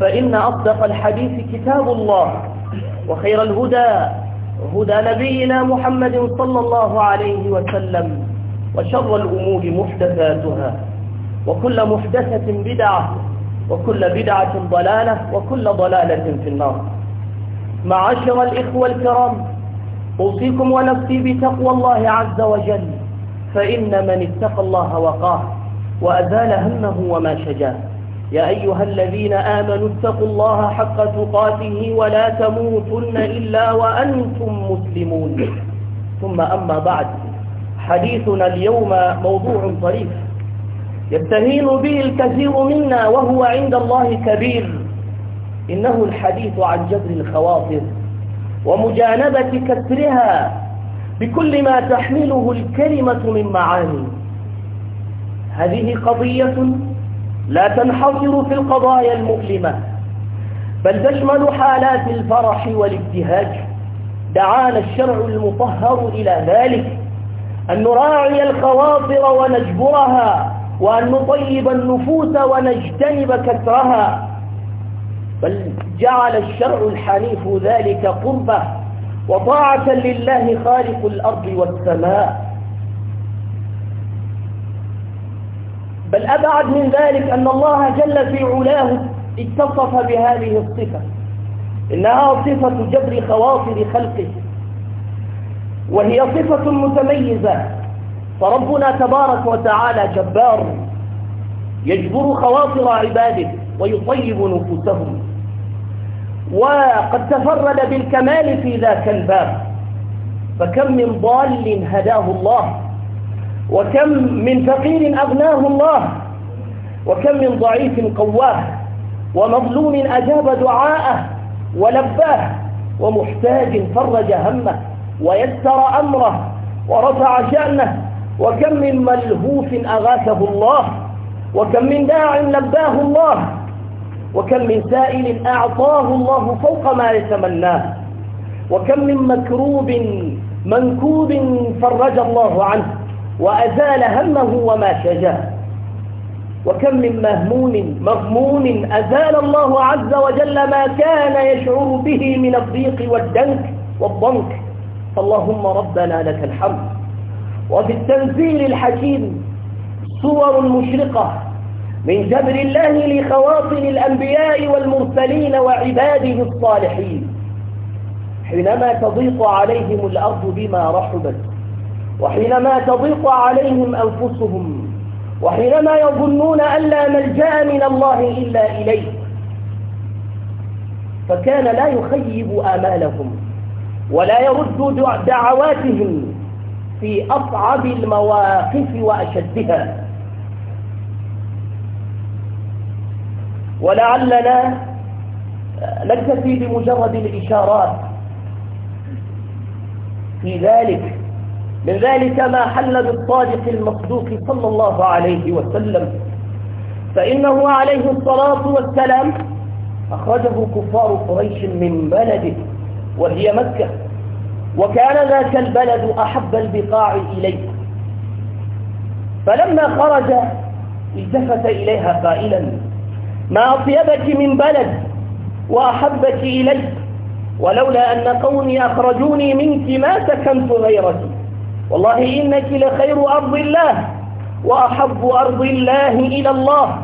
فإن أصدق الحديث كتاب الله وخير الهدى هدى نبينا محمد صلى الله عليه وسلم وشر الأمور محدثاتها وكل محدثة بدعة وكل بدعة ضلالة وكل ضلالة في النار معاشر الإخوة الكرام أوصيكم ونفسي بتقوى الله عز وجل فإن من اتقى الله وقاه وأزال همه وما شجاه يا أيها الذين آمنوا اتقوا الله حق تقاته ولا تموتن إلا وأنتم مسلمون ثم أما بعد حديثنا اليوم موضوع طريف يبتهين به الكثير منا وهو عند الله كبير إنه الحديث عن جبر الخواطر ومجانبة كسرها بكل ما تحمله الكلمة من معاني هذه قضية لا تنحصر في القضايا المؤلمة بل تشمل حالات الفرح والابتهاج دعانا الشرع المطهر إلى ذلك أن نراعي الخواطر ونجبرها وأن نطيب النفوس ونجتنب كثرها بل جعل الشرع الحنيف ذلك قربة وطاعة لله خالق الأرض والسماء بل أبعد من ذلك أن الله جل في علاه اتصف بهذه الصفة إنها صفة جبر خواطر خلقه وهي صفة متميزة فربنا تبارك وتعالى جبار يجبر خواطر عباده ويطيب نفوسهم وقد تفرد بالكمال في ذاك الباب فكم من ضال هداه الله وكم من فقير أغناه الله وكم من ضعيف قواه ومظلوم أجاب دعاءه ولباه ومحتاج فرج همه ويسر أمره ورفع شأنه وكم من ملهوف أغاثه الله وكم من داع لباه الله وكم من سائل أعطاه الله فوق ما يتمناه وكم من مكروب منكوب فرج الله عنه وأزال همه وما شجاه وكم من مهموم مغموم أزال الله عز وجل ما كان يشعر به من الضيق والدنك والضنك فاللهم ربنا لك الحمد وفي التنزيل الحكيم صور مشرقة من جبر الله لخواطر الأنبياء والمرسلين وعباده الصالحين حينما تضيق عليهم الأرض بما رحبت وحينما تضيق عليهم أنفسهم وحينما يظنون أن لا ملجأ من الله إلا إليه فكان لا يخيب آمالهم ولا يرد دعواتهم في أصعب المواقف وأشدها ولعلنا آه، نكتفي بمجرد الإشارات في ذلك من ذلك ما حل بالصادق المصدوق صلى الله عليه وسلم فإنه عليه الصلاة والسلام أخرجه كفار قريش من بلده وهي مكة وكان ذاك البلد أحب البقاع إليه فلما خرج التفت إليها قائلا ما أطيبك من بلد وأحبك إليك ولولا أن قومي أخرجوني منك ما سكنت غيرتي والله إنك لخير أرض الله وأحب أرض الله إلى الله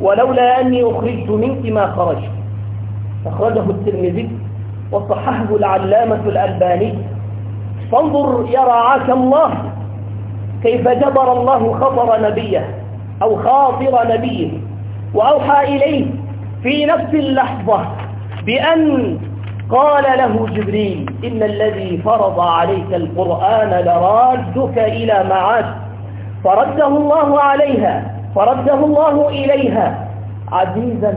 ولولا أني أخرجت منك ما خرجت أخرجه الترمذي وصححه العلامة الألباني فانظر يرعاك الله كيف جبر الله خطر نبيه أو خاطر نبيه وأوحى إليه في نفس اللحظة بأن قال له جبريل إن الذي فرض عليك القرآن لرادك إلى معاد فرده الله عليها فرده الله إليها عزيزا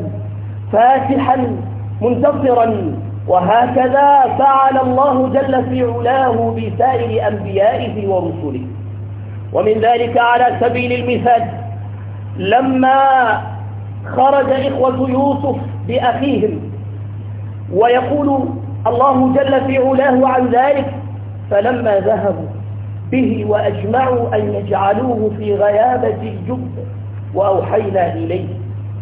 فاتحا منتصرا وهكذا فعل الله جل في علاه بسائر أنبيائه ورسله ومن ذلك على سبيل المثال لما خرج إخوة يوسف بأخيهم ويقول الله جل في علاه عن ذلك فلما ذهبوا به وأجمعوا أن يجعلوه في غيابة الجب وأوحينا إليه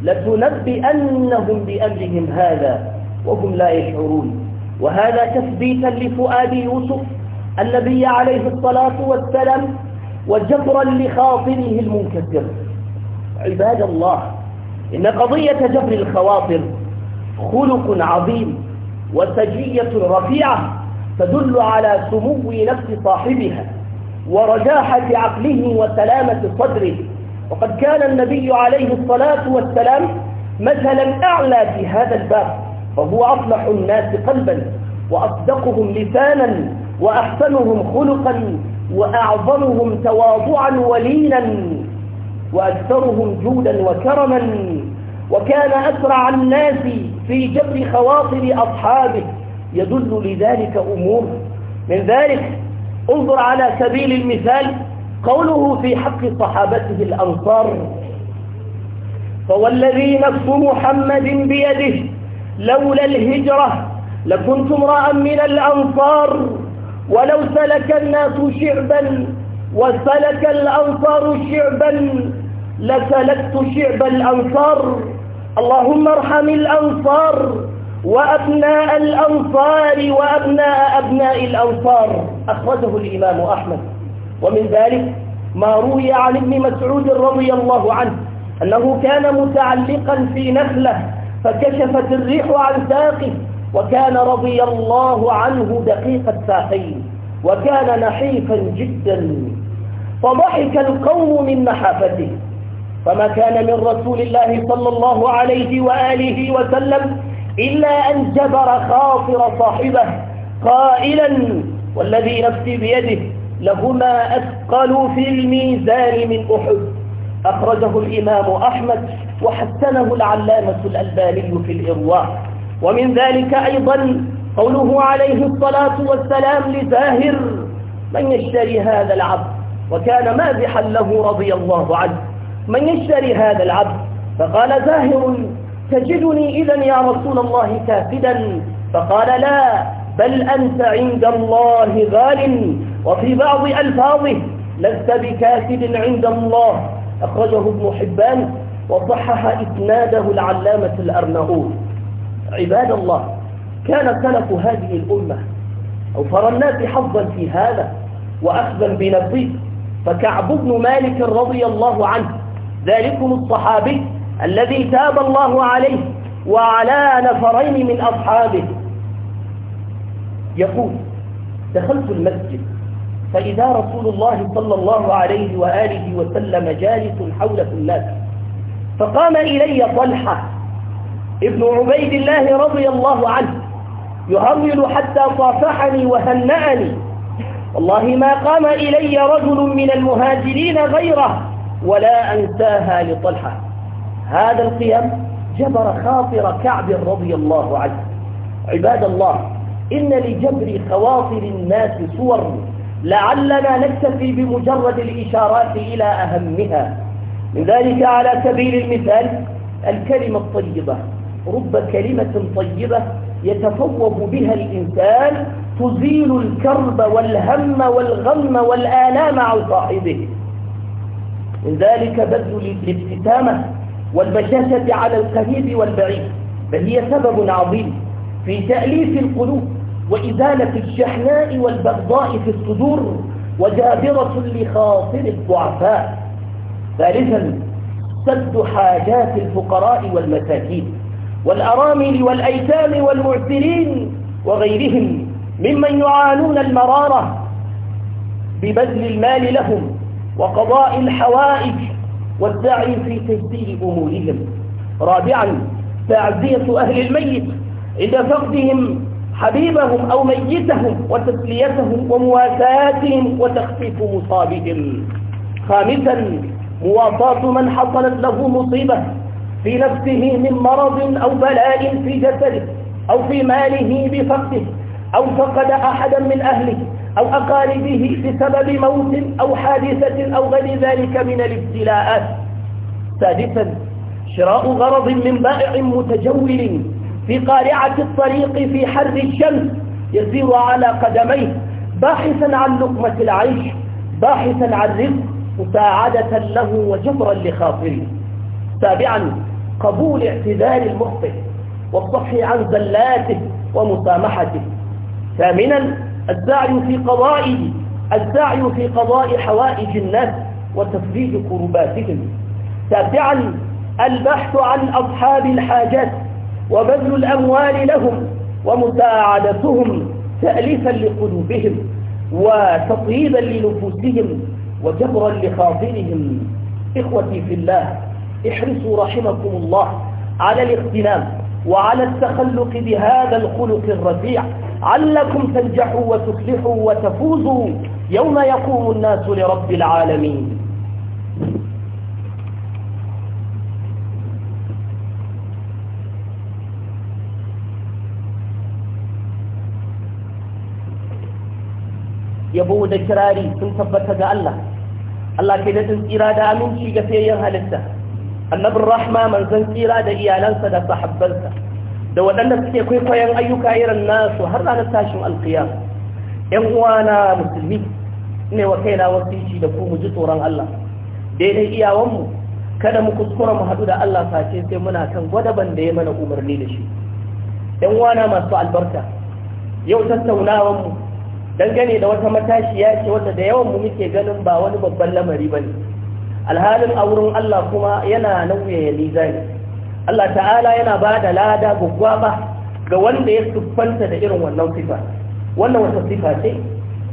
لتنبئنهم بأمرهم هذا وهم لا يشعرون وهذا تثبيتا لفؤاد يوسف النبي عليه الصلاة والسلام وجبرا لخاطره المنكسر عباد الله إن قضية جبر الخواطر خلق عظيم وسجية رفيعة تدل على سمو نفس صاحبها ورجاحة عقله وسلامة صدره وقد كان النبي عليه الصلاة والسلام مثلا أعلى في هذا الباب فهو أصلح الناس قلبا وأصدقهم لسانا وأحسنهم خلقا وأعظمهم تواضعا ولينا وأكثرهم جودا وكرما وكان أسرع الناس في جبر خواطر أصحابه يدل لذلك أمور من ذلك انظر على سبيل المثال قوله في حق صحابته الأنصار فوالذي نفس محمد بيده لولا الهجرة لكنت امرأ من الأنصار ولو سلك الناس شعبا وسلك الأنصار شعبا لسلكت شعب الأنصار اللهم ارحم الأنصار وأبناء الأنصار وأبناء أبناء الأنصار أخرجه الإمام أحمد ومن ذلك ما روي عن ابن مسعود رضي الله عنه أنه كان متعلقا في نخلة فكشفت الريح عن ساقه وكان رضي الله عنه دقيق الساقين وكان نحيفا جدا فضحك القوم من نحافته فما كان من رسول الله صلى الله عليه وآله وسلم إلا أن جبر خاطر صاحبه قائلا والذي نفسي بيده لهما أثقل في الميزان من أحد أخرجه الإمام أحمد وحسنه العلامة الألباني في الإرواح ومن ذلك أيضا قوله عليه الصلاة والسلام لزاهر من يشتري هذا العبد وكان مازحا له رضي الله عنه من يشتري هذا العبد فقال زاهر تجدني إذا يا رسول الله كافدا فقال لا بل أنت عند الله غال وفي بعض ألفاظه لست بكافد عند الله أخرجه ابن حبان وصحح إسناده العلامة الأرنؤون عباد الله كان سلف هذه الأمة أوفر الناس حظا في هذا وأخذا بنصيب فكعب بن مالك رضي الله عنه ذلكم الصحابي الذي تاب الله عليه وعلى نفرين من أصحابه يقول دخلت المسجد فإذا رسول الله صلى الله عليه وآله وسلم جالس حول الناس فقام إلي طلحة ابن عبيد الله رضي الله عنه يهرول حتى صافحني وهنأني والله ما قام إلي رجل من المهاجرين غيره ولا أنساها لطلحة هذا القيم جبر خاطر كعب رضي الله عنه عباد الله إن لجبر خواطر الناس صور لعلنا نكتفي بمجرد الإشارات إلى أهمها من ذلك على سبيل المثال الكلمة الطيبة رب كلمة طيبة يتفوق بها الإنسان تزيل الكرب والهم والغم والآلام عن صاحبه من ذلك بذل الابتسامة والبشاشة على القريب والبعيد بل هي سبب عظيم في تأليف القلوب وإزالة الشحناء والبغضاء في الصدور وجابرة لخاطر الضعفاء ثالثا سد حاجات الفقراء والمساكين والأرامل والأيتام والمعسرين وغيرهم ممن يعانون المرارة ببذل المال لهم وقضاء الحوائج والسعي في تجديد أمورهم رابعا تعزية أهل الميت عند فقدهم حبيبهم أو ميتهم وتسليتهم ومواساتهم وتخفيف مصابهم خامسا مواصاة من حصلت له مصيبة في نفسه من مرض أو بلاء في جسده أو في ماله بفقده أو فقد أحدا من أهله أو أقاربه بسبب موت أو حادثة أو غير ذلك من الابتلاءات سادسا شراء غرض من بائع متجول في قارعة الطريق في حر الشمس يسير على قدميه باحثا عن لقمة العيش باحثا عن رزق مساعدة له وجبرا لخاطره سابعا قبول اعتذار المخطئ والصفح عن زلاته ومسامحته ثامنا السعي في قضاء السعي في قضاء حوائج الناس وتفريج كرباتهم تابعا البحث عن أصحاب الحاجات وبذل الأموال لهم ومساعدتهم تأليفا لقلوبهم وتطييبا لنفوسهم وجبرا لخاطرهم إخوتي في الله احرصوا رحمكم الله على الاغتنام وعلى التخلق بهذا الخلق الرفيع علكم تنجحوا وتفلحوا وتفوزوا يوم يقوم الناس لرب العالمين يا بو كراري تنثبت ده الله الله كده تنسيرا ده أمين شيء كثير يهالسة الله بالرحمه من تنسيرا ده إيالنسة ده صحب بلسة da waɗanda suke kwaikwayon ayyuka irin nasu har ranar tashin alƙiya. ‘yan uwana musulmi ne wa kaina wasici da ku mu ji tsoron Allah daidai iyawanmu kada mu kuskura mu haɗu da Allah face sai muna kan gwadaban da ya mana umarni da shi ‘yan uwana masu albarka yau tattaunawanmu dangane da wata matashiya ce wadda da yawan mu muke ganin ba wani babban lamari ba ne alhalin a wurin Allah kuma yana nauyaya ya nizani Allah ta'ala yana ba da lada ba ga wanda ya siffanta da irin wannan sifa wannan wata sifa ce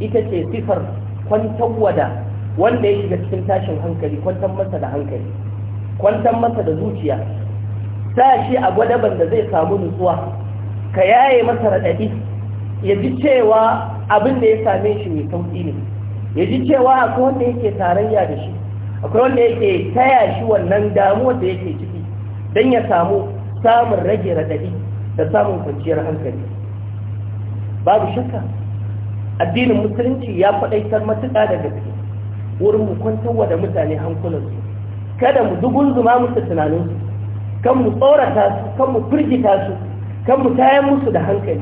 ita ce sifar kwantarwa da wanda ya shiga cikin tashin hankali kwantar masa da hankali kwantar masa da zuciya sa shi a gwadaban da zai samu nutsuwa ka yaye masa raɗaɗi ya ji cewa abin da ya same shi mai sauƙi ne ya ji cewa akwai wanda yake tarayya da shi akwai wanda yake taya shi wannan damuwar da yake ciki don ya samu samun rage raɗaɗi da samun kwanciyar hankali babu shakka addinin musulunci ya faɗaitar matuƙa da gaske wurin hukuntarwa da mutane hankulansu kada mu dugun zuma musu tunaninsu kan mu tsorata su kan mu firgita su kan mu tayan musu da hankali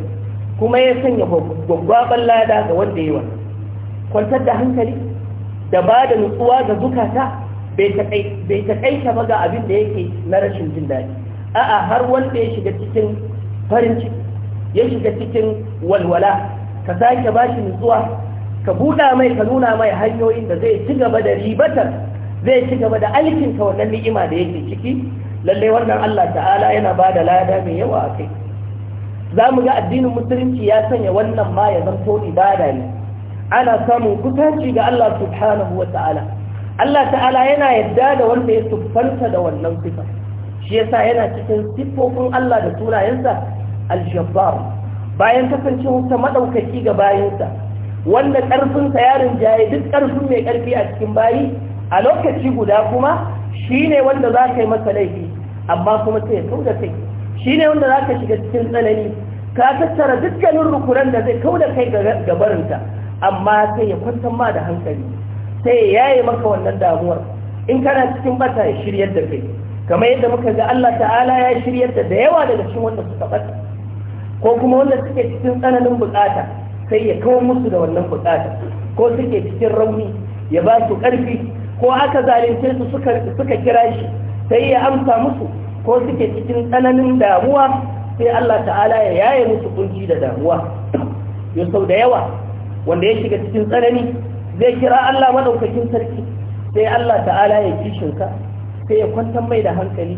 kuma ya sanya gwaggwaban lada ga wanda yi wa. kwantar da hankali da ba da nutsuwa ga zukata bai takaita ba ga abin da yake na rashin jin daɗi a'a har wanda ya shiga cikin farin ciki ya shiga cikin walwala ka sake ba shi nutsuwa ka buɗa mai ka nuna mai hanyoyin da zai ci gaba da ribatar zai ci gaba da alkinta wannan ni'ima da yake ciki lallai wannan Allah ta'ala yana ba da lada mai yawa a kai za mu ga addinin musulunci ya sanya wannan ma ya zanto ibada ne ana samun kusanci ga Allah subhanahu wa ta'ala Allah ta'ala yana yadda da wanda ya siffanta da wannan sifa shi yasa yana cikin siffofin Allah da sunayensa al bayan bayan kasancewarsa madaukaki ga bayinsa wanda ƙarfinsa ya rinjaye duk ƙarfin mai ƙarfi a cikin bayi a lokaci guda kuma shine wanda za ka yi masa laifi amma kuma sai ya da kai shine wanda za ka shiga cikin tsanani ka tattara dukkanin rukunan da zai kau da kai ga barinta amma sai ya kwantar ma da hankali sai ya yaye maka wannan damuwar in kana cikin bata ya shiryar da kai kamar yadda muka ga Allah ta'ala ya shiryar da da yawa daga cikin wanda suka bata ko kuma wanda suke cikin tsananin bukata sai ya kawo musu da wannan bukata ko suke cikin rauni ya ba su karfi ko aka zalunce su suka kira shi sai ya amsa musu ko suke cikin tsananin damuwa sai Allah ta'ala ya yaye musu kunci da damuwa Ya sau da yawa wanda ya shiga cikin tsanani zai kira Allah maɗaukakin sarki sai Allah ta'ala ya kishin ka sai ya kwantar mai da hankali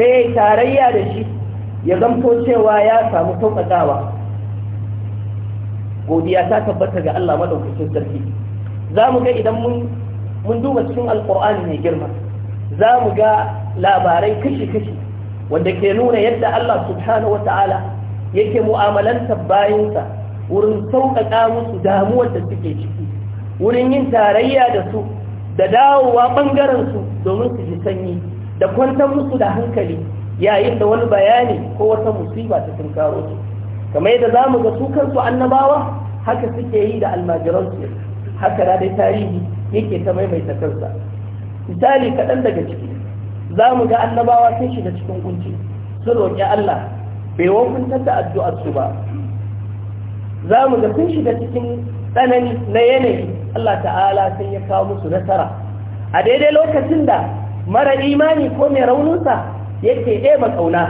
sai ya yi tarayya da shi ya zamto cewa ya samu sauƙaƙawa godiya ta tabbata ga Allah maɗaukakin sarki za mu ga idan mun duba cikin alƙur'ani mai girma za mu ga labarai kashi-kashi wanda ke nuna yadda Allah subhanahu wata'ala yake mu'amalanta bayansa wurin sauƙaƙa musu damuwar da suke ciki wurin yin tarayya da su da dawowa ɓangarensu domin su ji sanyi da kwantar musu da hankali yayin da wani bayani ko wata musiba ta tunkaro su kamar yadda za mu ga su kansu annabawa haka suke yi da almajiransu haka na dai tarihi yake ta maimaita kansa misali kaɗan daga ciki za mu ga annabawa sun shiga cikin kunci sun roƙi Allah bai wakuntar da addu'arsu ba za mu ga sun shiga cikin tsanani na yanayi Allah ta'ala sai ya kawo musu nasara a daidai lokacin da mara imani ko mai rauninsa yake ɗeba ƙauna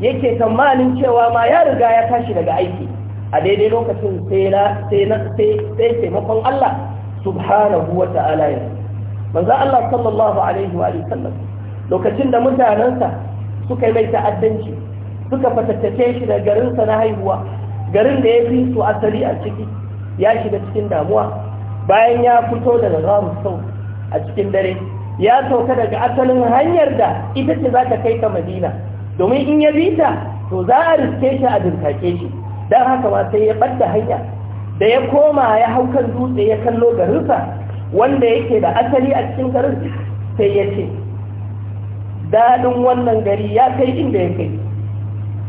yake tsammanin cewa ma ya riga ya tashi daga aiki a daidai lokacin sai taimakon Allah subhanahu wa ta'ala ya manzo Allah sallallahu alaihi wa sallam lokacin da mutanensa suka yi mai ta'addanci suka fatattace shi da garinsa na haihuwa garin da ya fi su asali a ciki ya shiga cikin damuwa bayan ya fito daga zamu sau a cikin dare ya sauka daga asalin hanyar da ita ce za ta kai ka madina domin in ya bi ta to za a riske shi a dinkake shi don haka ma sai ya ɓadda hanya da ya koma ya hau kan dutse ya kallo garinsa wanda yake da asali a cikin garin sai ya ce daɗin wannan gari ya kai inda ya kai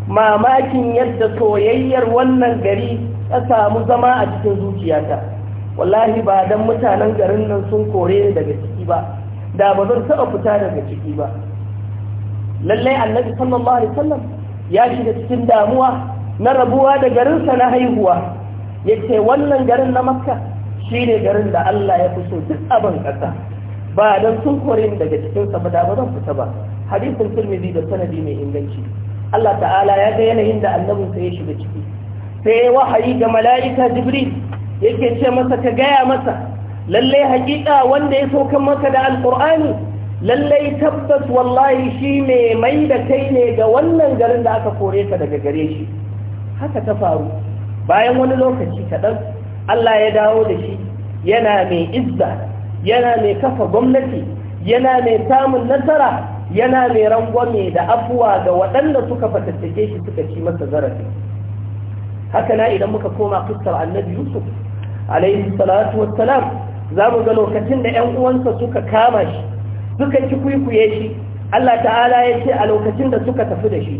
mamakin yadda soyayyar wannan gari ta samu zama a cikin zuciyata wallahi ba dan mutanen garin nan sun kore ni daga ciki ba da ba zan taɓa fita daga ciki ba lallai annabi sallallahu alaihi wasallam ya shiga cikin damuwa na rabuwa da garinsa na haihuwa ya ce wannan garin na makka shine garin da Allah ya fi so duk abin ƙasa ba don sun kore ni daga cikinsa ba da ba zan fita ba hadisin turmizi da sanadi mai inganci Allah ta'ala ya ga yanayin da annabinsa ya shiga ciki sai wahayi ga mala'ika jibril yake ce masa ka gaya masa lalle hakika wanda ya sokan maka da alkur'ani, lalle tabbas wallahi shi ne mai da kai ne ga wannan garin da aka kore ka daga gare shi haka ta faru bayan wani lokaci kaɗan Allah ya dawo da shi yana mai izza yana mai kafa gwamnati yana mai samun nasara yana mai rangwame da afuwa ga waɗanda suka fatattake shi suka ci masa zarafi haka na idan muka koma fuskar annabi yusuf alaihi salatu wassalam za mu ga lokacin da ‘yan uwansa suka kama shi suka ci kwikwiye shi Allah ta'ala ya ce a lokacin da suka tafi da shi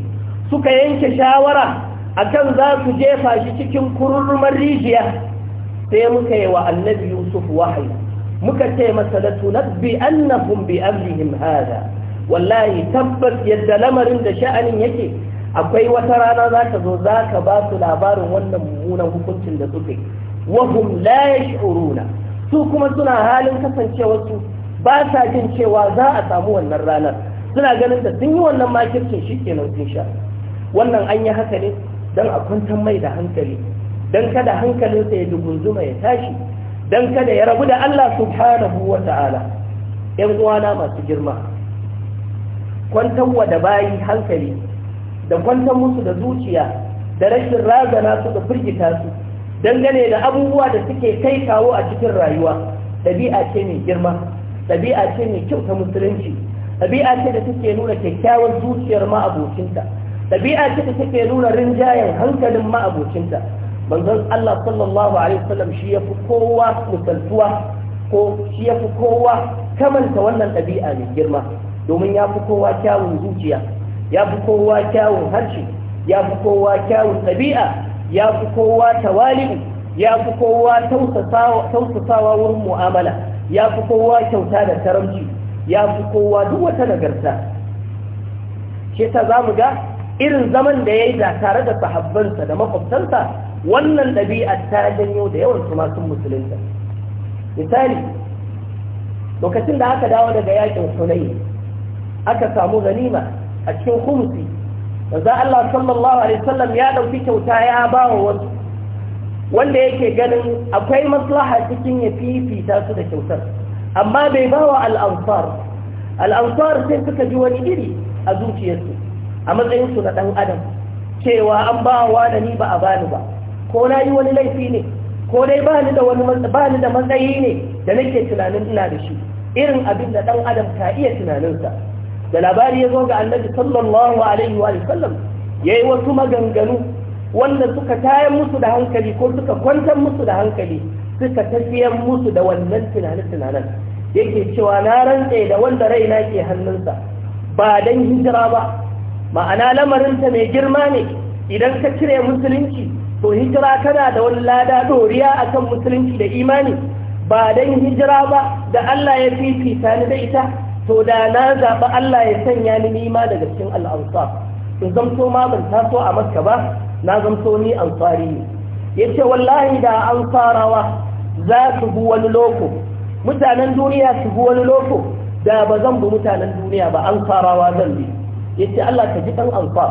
suka yanke shawara akan za su jefa shi cikin kururrumar rijiya sai muka yi wa annabi yusuf wahayi muka ce masa da tunabbi annahum bi amrihim hada wallahi tabbas yadda lamarin da sha'anin yake akwai wata rana za ka zo za ka ba su labarin wannan mummunan hukuncin da suka yi wahum la yash'uruna su kuma suna halin kasancewar su ba sa jin cewa za a samu wannan ranar suna ganin da sun yi wannan makircin shikenan sun sha wannan an yi haka ne dan a kwantar mai da hankali dan kada hankalinsa ya dugunzuma ya tashi dan kada ya rabu da Allah subhanahu wa ta'ala yan uwana masu girma kwantarwa da bayi hankali da kwantar musu da zuciya da rashin razana su da firgita su dangane da abubuwa da suke kai kawo a cikin rayuwa ɗabi'a ce mai girma ɗabi'a ce mai kyau ta musulunci ɗabi'a ce da suke nuna kyakkyawar zuciyar ma'abocinta ɗabi'a ce da take nuna rinjayen hankalin ma'abocinta manzon Allah sallallahu alaihi wasallam shi ya fi kowa musaltuwa ko shi ya fi kowa kamanta wannan ɗabi'a mai girma domin ya fi kowa kyawun zuciya ya fi kowa kyawun harshe ya fi kowa kyawun ɗabi'a ya fi kowa tawali'u ya fi kowa tausasawa wurin mu'amala ya fi kowa kyauta da taramci ya fi kowa duk wata nagarta Shita ta za mu ga irin zaman da ya yi da tare da sahabbansa da makwabtansa wannan ɗabi'a ta janyo da yawan su masu musulunta misali lokacin da aka dawo daga yakin hunayi aka samu ganima a cikin humsi za Allah sallallahu alaihi wasallam ya ɗauki kyauta ya ba wa wasu wanda yake ganin akwai maslaha cikin ya fifita su da kyautar amma bai ba wa al'ansar sai suka ji wani iri a zuciyarsu a matsayinsu na ɗan adam cewa an ba wa da ni ba a bani ba ko na yi wani laifi ne ko dai ba ni da wani ba ni da matsayi ne da nake tunanin ina da shi irin abin da ɗan adam ka iya tunaninsa da labari ya zo ga annabi sallallahu alaihi wa sallam ya yi wasu maganganu wanda suka tayar musu da hankali ko suka kwantar musu da hankali suka tafiyar musu da wannan tunanin, tunanin yake cewa na rantse da wanda raina ke hannunsa ba don hijira ba ma'ana lamarinta mai girma ne idan ka cire musulunci to hijira tana da wani lada doriya akan musulunci da imani ba dan hijira ba da Allah ya fifita ni da ita to da na zaɓi Allah ya sanya ni nima daga cikin al'ansar in zamto ma ban taso a makka ba na zamto ni ansari ne ya ce wallahi da an farawa za su bi wani loko mutanen duniya su bi wani loko da ba zan bi mutanen duniya ba an farawa zan bi ya ce Allah ka ji ɗan ansar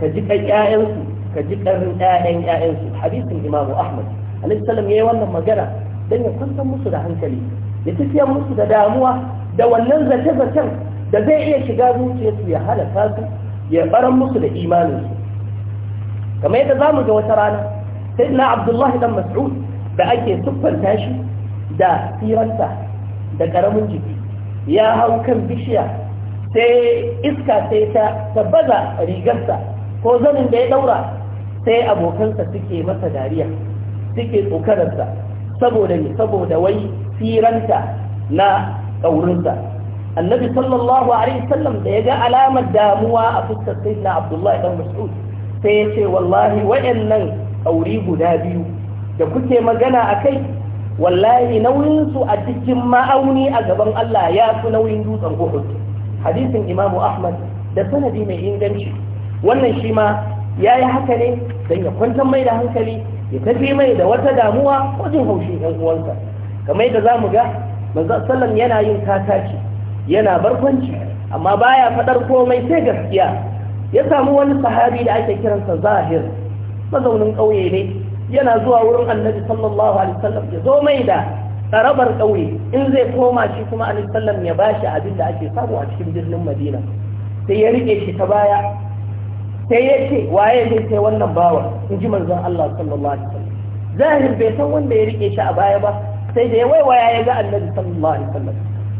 ka ji ɗan ƴaƴansu ka ji ɗan ƴaƴan ƴaƴansu hadisin imamu ahmad alaihi salam yayi wannan magana dan ya kwantar musu da hankali ya tafiyar musu da damuwa da wannan zace-zacen da zai iya shiga zuciyarsu ya halaka su ya baran musu da imaninsu kamar yadda zamu ga wata rana sai na abdullahi dan mas'ud da ake siffanta shi da siranta da karamin jiki ya hau kan bishiya sai iska sai ta tabbaza rigarsa ko zanin da ya daura sai abokansa suke masa dariya suke tsokararsa saboda ne saboda wai siranta na ƙaurinsa annabi sallallahu alaihi sallam da ya ga alamar damuwa a fuskar na abdullahi dan mas'ud sai ya ce wallahi wayannan ƙauri guda biyu da kuke magana a kai wallahi nauyinsu a cikin ma'auni a gaban Allah ya fi nauyin dutsen Uhud hadisin Imamu Ahmad da sanadi mai inganci wannan shi ma ya yi haka ne don ya kwantar mai da hankali ya tafi mai da wata damuwa wajen haushin ‘yan uwansa kamar yadda za mu ga manzo sallam yana yin kataki yana barkwanci amma baya fadar komai sai gaskiya ya samu wani sahabi da ake kiransa zahir mazaunin ƙauye ne yana zuwa wurin annabi sallallahu alaihi wasallam ya zo mai da tsarabar ƙauye in zai koma shi kuma alaihi sallam ya bashi abin da ake samu a cikin birnin madina sai ya rike shi ta baya sai ya ce waye zai sai wannan bawa in ji manzon Allah sallallahu alaihi wasallam zahir bai san wanda ya rike shi a baya ba sai da ya waya ya ga annabi sallallahu alaihi wasallam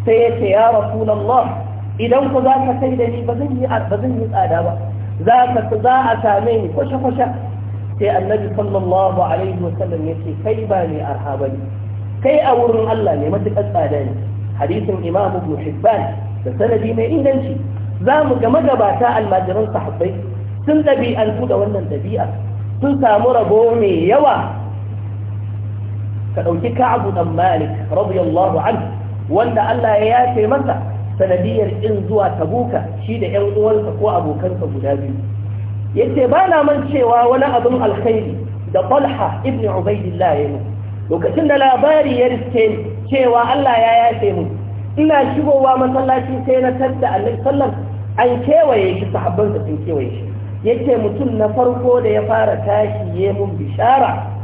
sai ya ce ya rasulullah idan ku za ka sai da ni ba zan yi ba zan yi tsada ba za ka za a same ni kwashe kwashe sai annabi sallallahu alaihi wasallam ya ce kai ba ne arha ba ne kai a wurin Allah ne matuƙar tsada ne hadisin imam ibn hibban da sanadi mai inganci za mu ga magabata almajiran sahabbai sun ɗabi'antu da wannan ɗabi'a sun samu rabo mai yawa ka ɗauki ka'abu ɗan malik radiyallahu an wanda Allah ya yafe masa sanadiyar in zuwa tabuka shi da ƴan uwansa ko abokansa guda biyu yace ba na man cewa wani abin alkhairi da Talha ibn Ubaidillah ya yi lokacin da labari ya riske cewa Allah ya yafe mu ina shigowa masallaci sai na tadda annabi sallam an kewaye shi sahabban sun kewaye shi yace mutum na farko da ya fara tashi ya mun bishara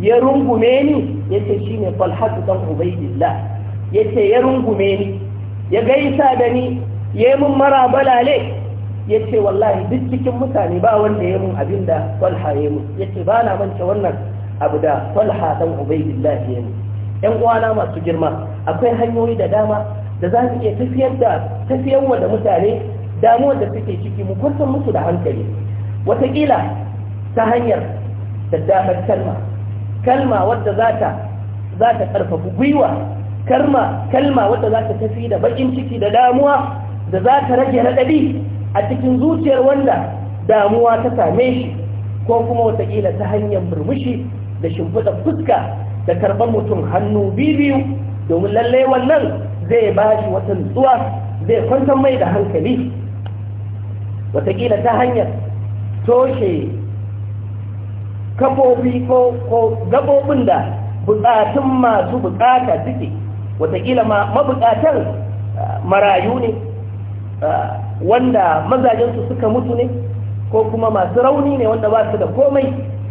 ya rungume ni yace shine Talhatu dan Ubaydillah yace ya rungume ni ya gaisa da ni yayi mun mara balale yace wallahi duk cikin mutane ba wanda yayi mun abinda Talha yayi mun yace ba na mance wannan abu da falha ɗan Ubaydillah yayi mun yan uwana masu girma akwai hanyoyi da dama da za su iya tafiyar da da mutane damuwar da suke ciki mu kwantar musu da hankali wataƙila ta hanyar da damar kalma kalma wadda za ta za gwiwa kalma kalma wadda za ta tafi da bakin ciki da damuwa da za ta rage raɗaɗi a cikin zuciyar wanda damuwa ta same shi ko kuma wataƙila ta hanyar murmushi da shimfiɗa fuska da karɓar mutum hannu biyu domin lallai wannan zai ba shi wata nutsuwa zai kwantar mai da hankali wataƙila ta hanyar toshe kafofi ko gabobin da bukatun masu bukata suke watakila mabukatan ah, marayu ne ah, wanda mazajensu suka mutu ne ko kuma masu rauni ne wanda ba su da komai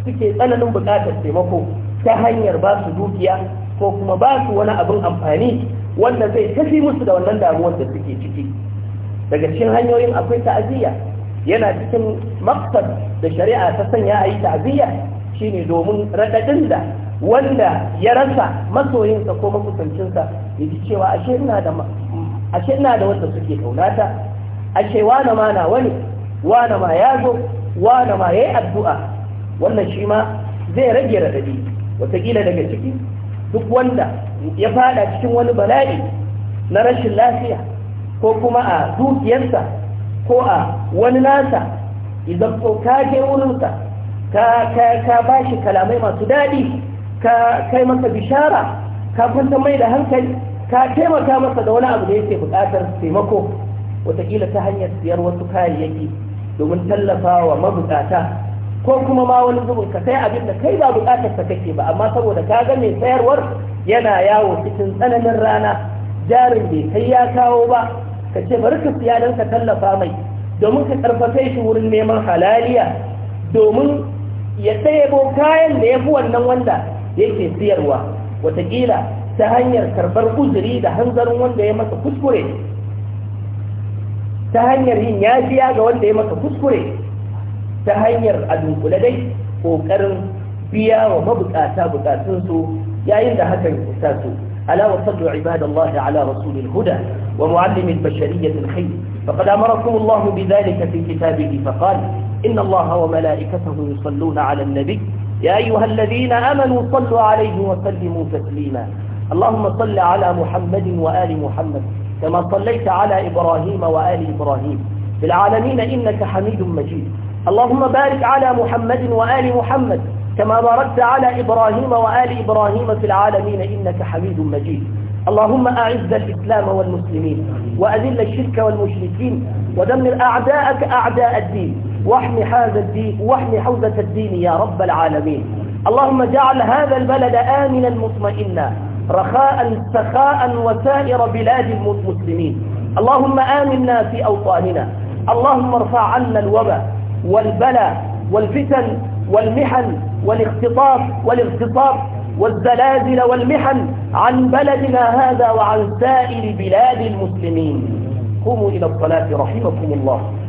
suke tsananin bukatar taimako ta hanyar ba su dukiya ko kuma ba su wani abin amfani wanda zai tafi musu da wannan damuwar da suke ciki daga cikin hanyoyin akwai ta'aziyya yana cikin maksad da shari'a ta sanya a yi ta'aziyya shine domin raɗaɗin da wanda ya rasa masoyinsa ko makusancinsa ya ji cewa ashe ina da wanda suke kaunata ashe wane ma na wani wane ma ya zo wane ma ya yi addu'a wannan shi ma zai rage raɗaɗi wataƙila daga ciki duk wanda ya fada cikin wani bala'i na rashin lafiya ko kuma a dukiyarsa ko a wani nasa idan ko kage wurinsa ka ba shi kalamai masu daɗi ka kai masa bishara ka kwanta mai da hankali ka taimaka masa da wani abu da yake buƙatar taimako wataƙila ta hanyar siyar wasu kayayyaki domin tallafa wa mabuƙata ko kuma ma wani zubin ka sai abin da kai ba buƙatar ka kake ba amma saboda ka ga mai sayarwar yana yawo cikin tsananin rana jarin bai kai ya kawo ba ka ce bari ka siya don ka tallafa mai domin ka ƙarfafe shi wurin neman halaliya domin ya ɗebo kayan da ya fi wannan wanda yake siyarwa watakila ta hanyar karbar uzuri da hanzarin wanda ya masa kuskure ta hanyar yin yafiya ga wanda ya masa kuskure ta hanyar a dunkule dai ƙoƙarin biya wa mabukata bukatunsu yayin da hakan ta su ألا Allah عباد الله Huda wa الهدى ومعلم البشرية الخير فقد أمركم الله بذلك في كتابه فقال إن الله وملائكته يصلون على النبي يا أيها الذين أمنوا صلوا عليه وسلموا تسليما اللهم صل على محمد وآل محمد كما صليت على إبراهيم وآل إبراهيم في العالمين إنك حميد مجيد اللهم بارك على محمد وآل محمد كما باركت على إبراهيم وآل إبراهيم في العالمين إنك حميد مجيد اللهم أعز الإسلام والمسلمين وأذل الشرك والمشركين ودمر أعداءك أعداء الدين واحمي هذا الدين واحمي حوزة الدين يا رب العالمين اللهم اجعل هذا البلد آمنا مطمئنا رخاء سخاء وسائر بلاد المسلمين اللهم آمنا في أوطاننا اللهم ارفع عنا الوباء والبلاء والفتن والمحن والاختطاف والاغتصاب والزلازل والمحن عن بلدنا هذا وعن سائر بلاد المسلمين قوموا إلى الصلاة رحمكم الله